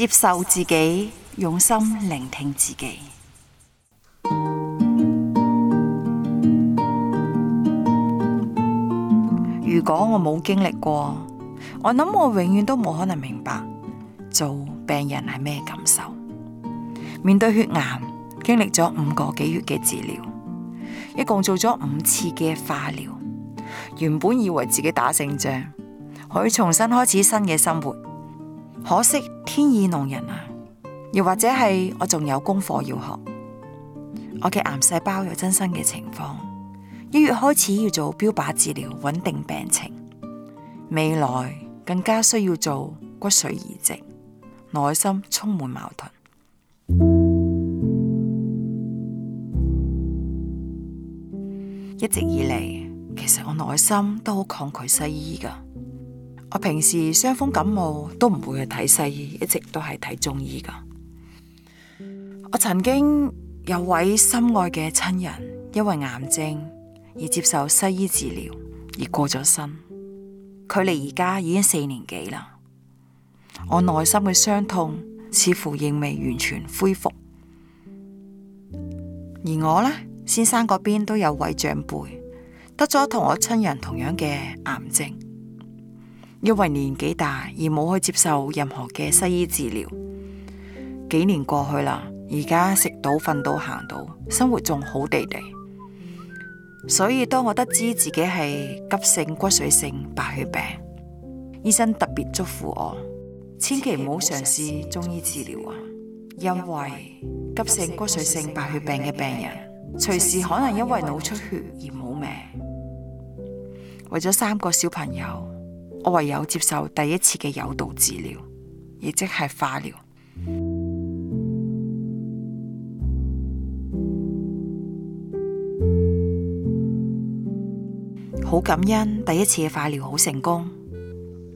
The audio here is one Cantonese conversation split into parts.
接受自己，用心聆聽自己。如果我冇經歷過，我諗我永遠都冇可能明白做病人係咩感受。面對血癌，經歷咗五個幾月嘅治療，一共做咗五次嘅化療。原本以為自己打勝仗，可以重新開始新嘅生活。可惜天意弄人啊！又或者係我仲有功課要學，我嘅癌細胞有增生嘅情況，一月開始要做標靶治療穩定病情，未來更加需要做骨髓移植，內心充滿矛盾。一直以嚟，其實我內心都好抗拒西醫㗎。我平時傷風感冒都唔會去睇西醫，一直都係睇中醫噶。我曾經有位心愛嘅親人，因為癌症而接受西醫治療而過咗身，距離而家已經四年幾啦。我內心嘅傷痛似乎仍未完全恢復，而我呢，先生嗰邊都有位長輩得咗同我親人同樣嘅癌症。因為年紀大而冇去接受任何嘅西醫治療，幾年過去啦，而家食到瞓到行到，生活仲好地地。所以當我得知自己係急性骨髓性白血病，醫生特別囑咐我，千祈唔好嘗試中醫治療啊，因為急性骨髓性白血病嘅病人隨時可能因為腦出血而冇命。為咗三個小朋友。我唯有接受第一次嘅誘導治療，亦即係化療。好 感恩第一次嘅化療好成功，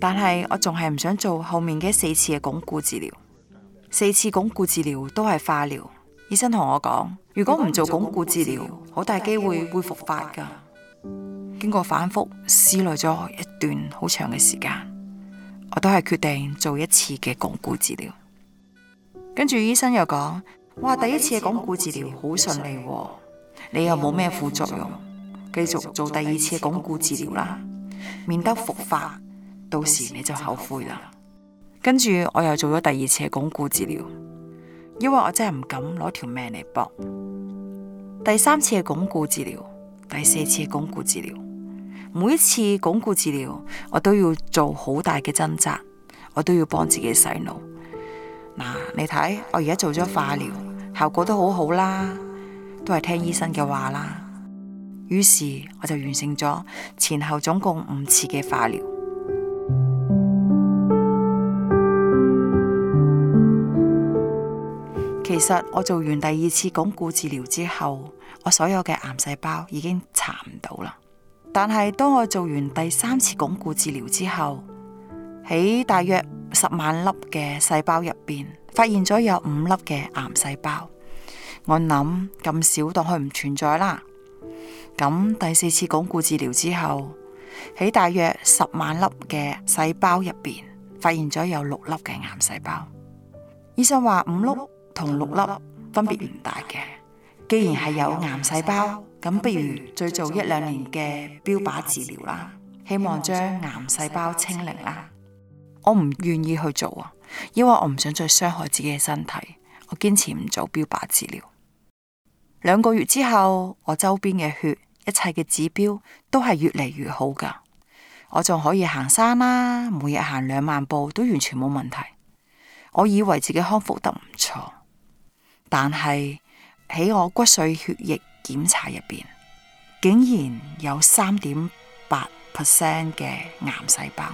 但係我仲係唔想做後面嘅四次嘅鞏固治療。四次鞏固治療都係化療。醫生同我講，如果唔做鞏固治療，好大機會會復發㗎。經過反覆思慮咗一段好長嘅時間，我都係決定做一次嘅鞏固治療。跟住醫生又講：哇，第一次嘅鞏固治療好順利，喎你又冇咩副作用，繼續做第二次嘅鞏固治療啦，免得復發，到時你就後悔啦。跟住我又做咗第二次嘅鞏固治療，因為我真係唔敢攞條命嚟搏。第三次嘅鞏固治療，第四次嘅鞏固治療。每一次鞏固治療，我都要做好大嘅掙扎，我都要幫自己洗腦。嗱，你睇，我而家做咗化療，效果都好好啦，都係聽醫生嘅話啦。於是我就完成咗前後總共五次嘅化療。其實我做完第二次鞏固治療之後，我所有嘅癌細胞已經查唔到啦。但係，當我做完第三次鞏固治療之後，喺大約十萬粒嘅細胞入邊，發現咗有五粒嘅癌細胞。我諗咁少，當佢唔存在啦。咁第四次鞏固治療之後，喺大約十萬粒嘅細胞入邊，發現咗有六粒嘅癌細胞。醫生話五粒同六粒分別唔大嘅，既然係有癌細胞。咁不如再做一兩年嘅標靶治療啦，希望將癌細胞清零啦。我唔願意去做啊，因為我唔想再傷害自己嘅身體，我堅持唔做標靶治療。兩個月之後，我周邊嘅血，一切嘅指標都係越嚟越好噶，我仲可以行山啦，啊，每日行兩萬步都完全冇問題。我以為自己康復得唔錯，但係喺我骨髓血液。檢查入邊竟然有三點八 percent 嘅癌細胞，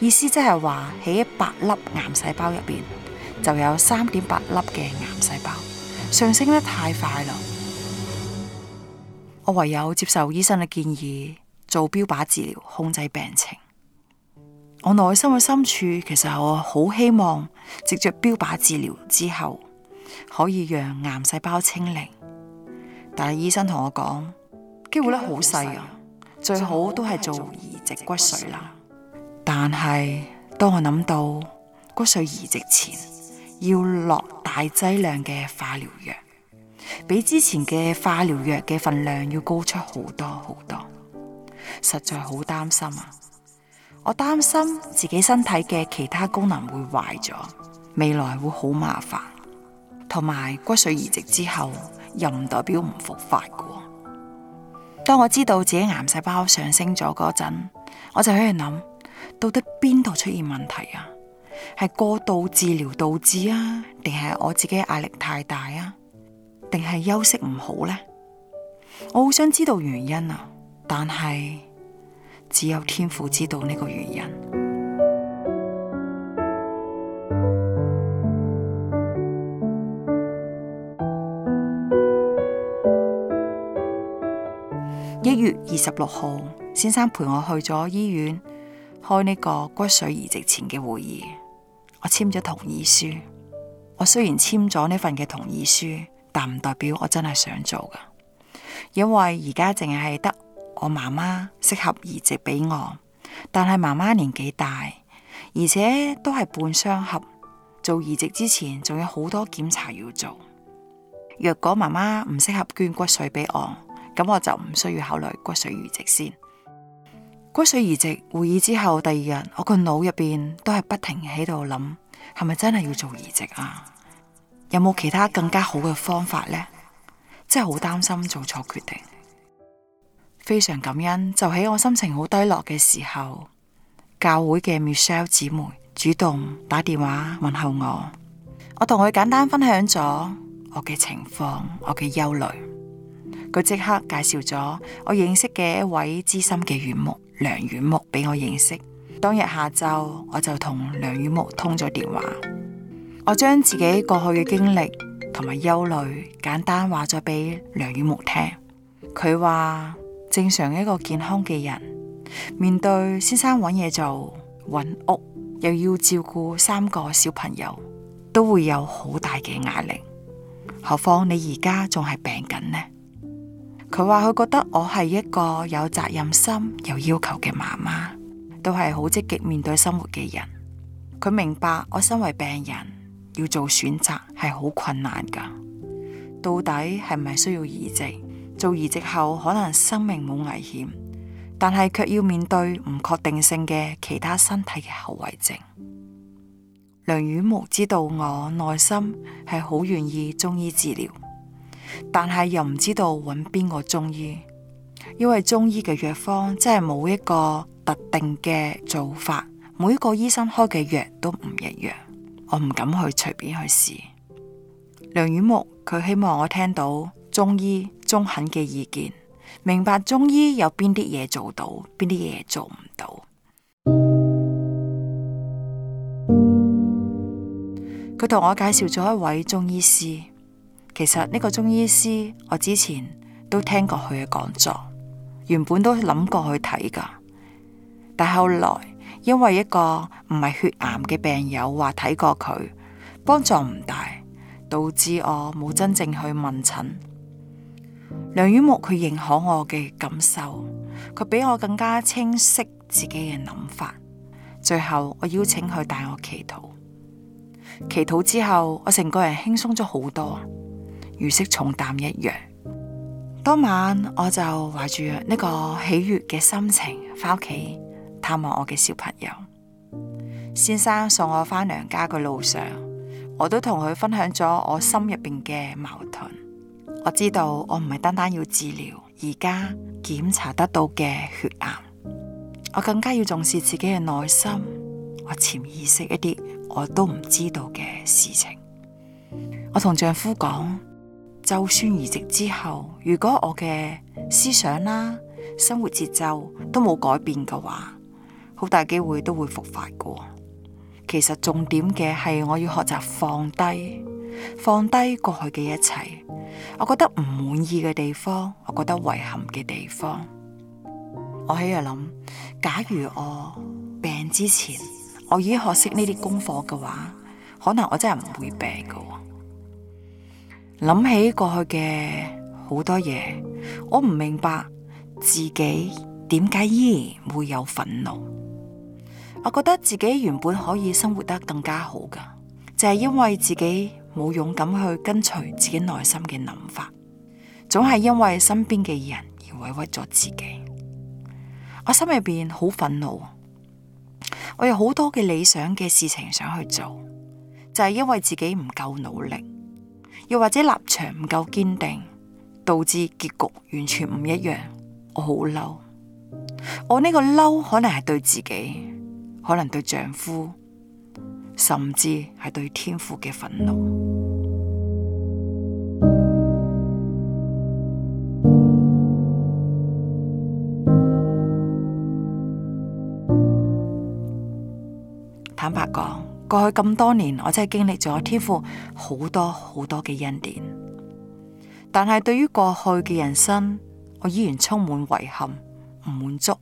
意思即係話喺一百粒癌細胞入邊就有三點八粒嘅癌細胞，上升得太快啦！我唯有接受醫生嘅建議做標靶治療，控制病情。我內心嘅深處其實我好希望，藉着標靶治療之後，可以讓癌細胞清零。但係醫生同我講，機會咧好細啊，最好都係做移植骨髓啦。但係當我諗到骨髓移植前要落大劑量嘅化療藥，比之前嘅化療藥嘅份量要高出好多好多，實在好擔心啊！我擔心自己身體嘅其他功能會壞咗，未來會好麻煩，同埋骨髓移植之後。又唔代表唔復發噶當我知道自己癌細胞上升咗嗰陣，我就喺度諗，到底邊度出現問題啊？係過度治療導致啊？定係我自己壓力太大啊？定係休息唔好呢？我好想知道原因啊！但係只有天父知道呢個原因。一月二十六號，先生陪我去咗醫院開呢個骨髓移植前嘅會議，我簽咗同意書。我雖然簽咗呢份嘅同意書，但唔代表我真係想做㗎。因為而家淨係得我媽媽適合移植俾我，但係媽媽年紀大，而且都係半相合。做移植之前，仲有好多檢查要做。若果媽媽唔適合捐骨髓俾我。咁我就唔需要考慮骨髓移植先。骨髓移植會議之後第二日，我個腦入邊都係不停喺度諗，係咪真係要做移植啊？有冇其他更加好嘅方法呢？真係好擔心做錯決定。非常感恩，就喺我心情好低落嘅時候，教會嘅 Michelle 姊妹主動打電話問候我。我同佢簡單分享咗我嘅情況，我嘅憂慮。佢即刻介紹咗我認識嘅一位資深嘅院牧梁院牧，俾我認識。當日下晝，我就同梁院牧通咗電話，我將自己過去嘅經歷同埋憂慮簡單話咗俾梁院牧聽。佢話正常一個健康嘅人面對先生揾嘢做揾屋，又要照顧三個小朋友，都會有好大嘅壓力，何況你而家仲係病緊呢？佢話佢覺得我係一個有責任心、有要求嘅媽媽，都係好積極面對生活嘅人。佢明白我身為病人要做選擇係好困難噶，到底係唔係需要移植？做移植後可能生命冇危險，但係卻要面對唔確定性嘅其他身體嘅後遺症。梁宇冇知道我內心係好願意中醫治療。但係又唔知道揾邊個中醫，因為中醫嘅藥方真係冇一個特定嘅做法，每一個醫生開嘅藥都唔一樣，我唔敢去隨便去試。梁雨木，佢希望我聽到中醫中肯嘅意見，明白中醫有邊啲嘢做到，邊啲嘢做唔到。佢同我介紹咗一位中醫師。其實呢個中醫師，我之前都聽過佢嘅講座，原本都諗過去睇㗎，但後來因為一個唔係血癌嘅病友話睇過佢，幫助唔大，導致我冇真正去問診。梁雨木佢認可我嘅感受，佢比我更加清晰自己嘅諗法。最後我邀請佢帶我祈禱，祈禱之後我成個人輕鬆咗好多。如釋重擔一樣。當晚我就懷住呢個喜悅嘅心情翻屋企探望我嘅小朋友。先生送我返娘家嘅路上，我都同佢分享咗我心入邊嘅矛盾。我知道我唔係單單要治療而家檢查得到嘅血癌，我更加要重視自己嘅內心，我潛意識一啲我都唔知道嘅事情。我同丈夫講。就算移植之後，如果我嘅思想啦、生活節奏都冇改變嘅話，好大機會都會復發㗎。其實重點嘅係我要學習放低，放低過去嘅一切。我覺得唔滿意嘅地方，我覺得遺憾嘅地方，我喺度諗：假如我病之前，我已經學識呢啲功課嘅話，可能我真係唔會病㗎。諗起過去嘅好多嘢，我唔明白自己點解依然會有憤怒。我覺得自己原本可以生活得更加好噶，就係因為自己冇勇敢去跟隨自己內心嘅諗法，總係因為身邊嘅人而委屈咗自己。我心入邊好憤怒，我有好多嘅理想嘅事情想去做，就係因為自己唔夠努力。又或者立場唔夠堅定，導致結局完全唔一樣。我好嬲，我呢個嬲可能係對自己，可能對丈夫，甚至係對天父嘅憤怒。 坦白講。過去咁多年，我真係經歷咗天父好多好多嘅恩典，但係對於過去嘅人生，我依然充滿遺憾，唔滿足。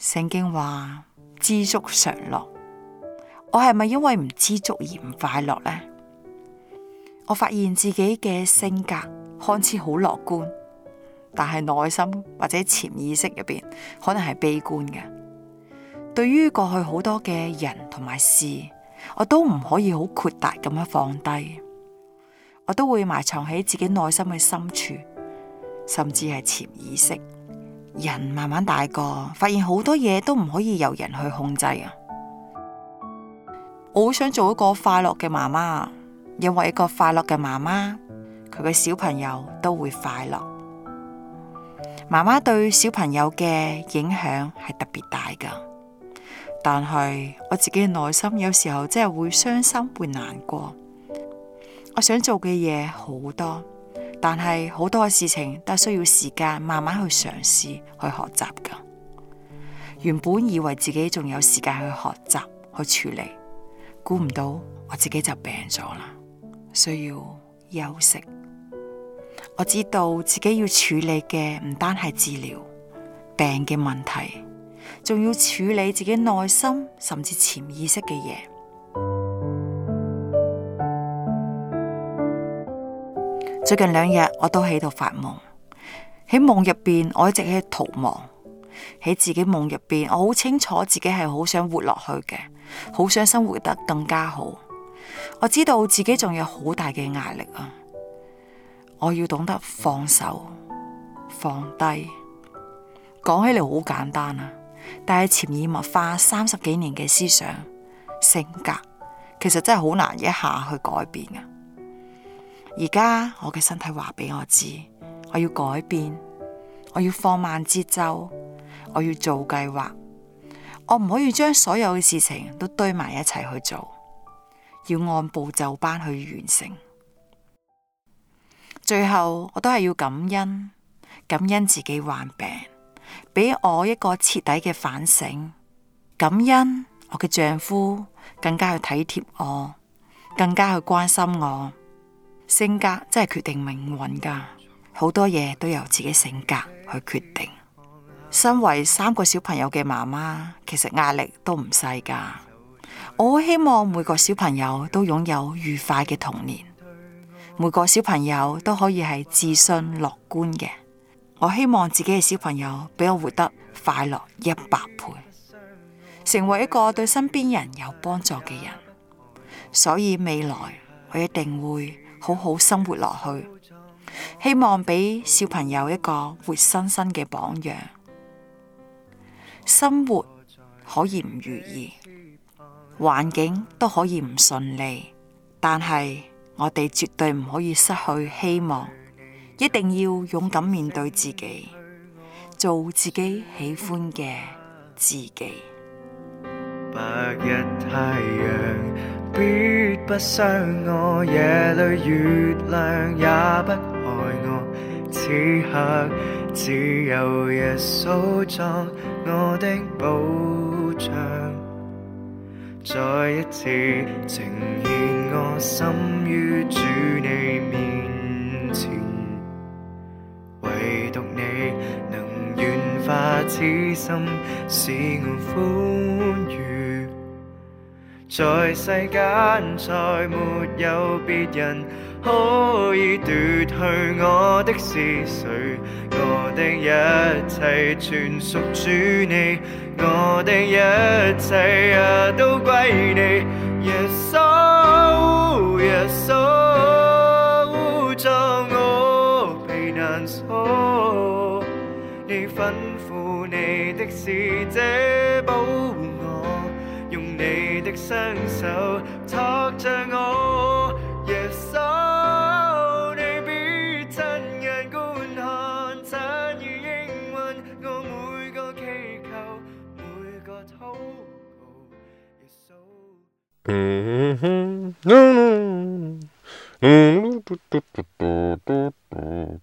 聖經話知足常樂，我係咪因為唔知足而唔快樂呢？我發現自己嘅性格看似好樂觀，但係內心或者潛意識入邊，可能係悲觀嘅。對於過去好多嘅人同埋事，我都唔可以好豁達咁樣放低，我都會埋藏喺自己內心嘅深處，甚至係潛意識。人慢慢大個，發現好多嘢都唔可以由人去控制啊！我好想做一個快樂嘅媽媽，因為一個快樂嘅媽媽，佢嘅小朋友都會快樂。媽媽對小朋友嘅影響係特別大㗎。但係我自己嘅內心，有時候真係會傷心，會難過。我想做嘅嘢好多，但係好多嘅事情都係需要時間慢慢去嘗試，去學習噶。原本以為自己仲有時間去學習，去處理，估唔到我自己就病咗啦，需要休息。我知道自己要處理嘅唔單係治療，病嘅問題。仲要處理自己內心甚至潛意識嘅嘢。最近兩日我都喺度發夢，喺夢入邊我一直喺逃亡，喺自己夢入邊，我好清楚自己係好想活落去嘅，好想生活得更加好。我知道自己仲有好大嘅壓力啊，我要懂得放手、放低。講起嚟好簡單啊！但係潛移默化三十幾年嘅思想性格，其實真係好難一下去改變嘅。而家我嘅身體話俾我知，我要改變，我要放慢節奏，我要做計劃，我唔可以將所有嘅事情都堆埋一齊去做，要按部就班去完成。最後我都係要感恩，感恩自己患病。俾我一個徹底嘅反省，感恩我嘅丈夫更加去體貼我，更加去關心我。性格真係決定命運噶，好多嘢都由自己性格去決定。身為三個小朋友嘅媽媽，其實壓力都唔細噶。我好希望每個小朋友都擁有愉快嘅童年，每個小朋友都可以係自信樂觀嘅。我希望自己嘅小朋友俾我活得快樂一百倍，成為一個對身邊人有幫助嘅人。所以未來，我一定會好好生活落去，希望俾小朋友一個活生生嘅榜樣。生活可以唔如意，環境都可以唔順利，但係我哋絕對唔可以失去希望。一定要勇敢面對自己，做自己喜歡嘅自己。白日太陽必不傷我，夜裏月亮也不害我，此刻只有日數作我的保障。再一次呈現我心於主你面前。此心使我歡愉，在世間再沒有別人可以奪去我的思緒，我的一切全屬主你，我的一切也、啊、都歸你，耶穌，耶穌。是這 保護我，用你的雙手托着我。耶穌，你必親眼觀看，親如英魂，我每個祈求，每個禱告。耶穌。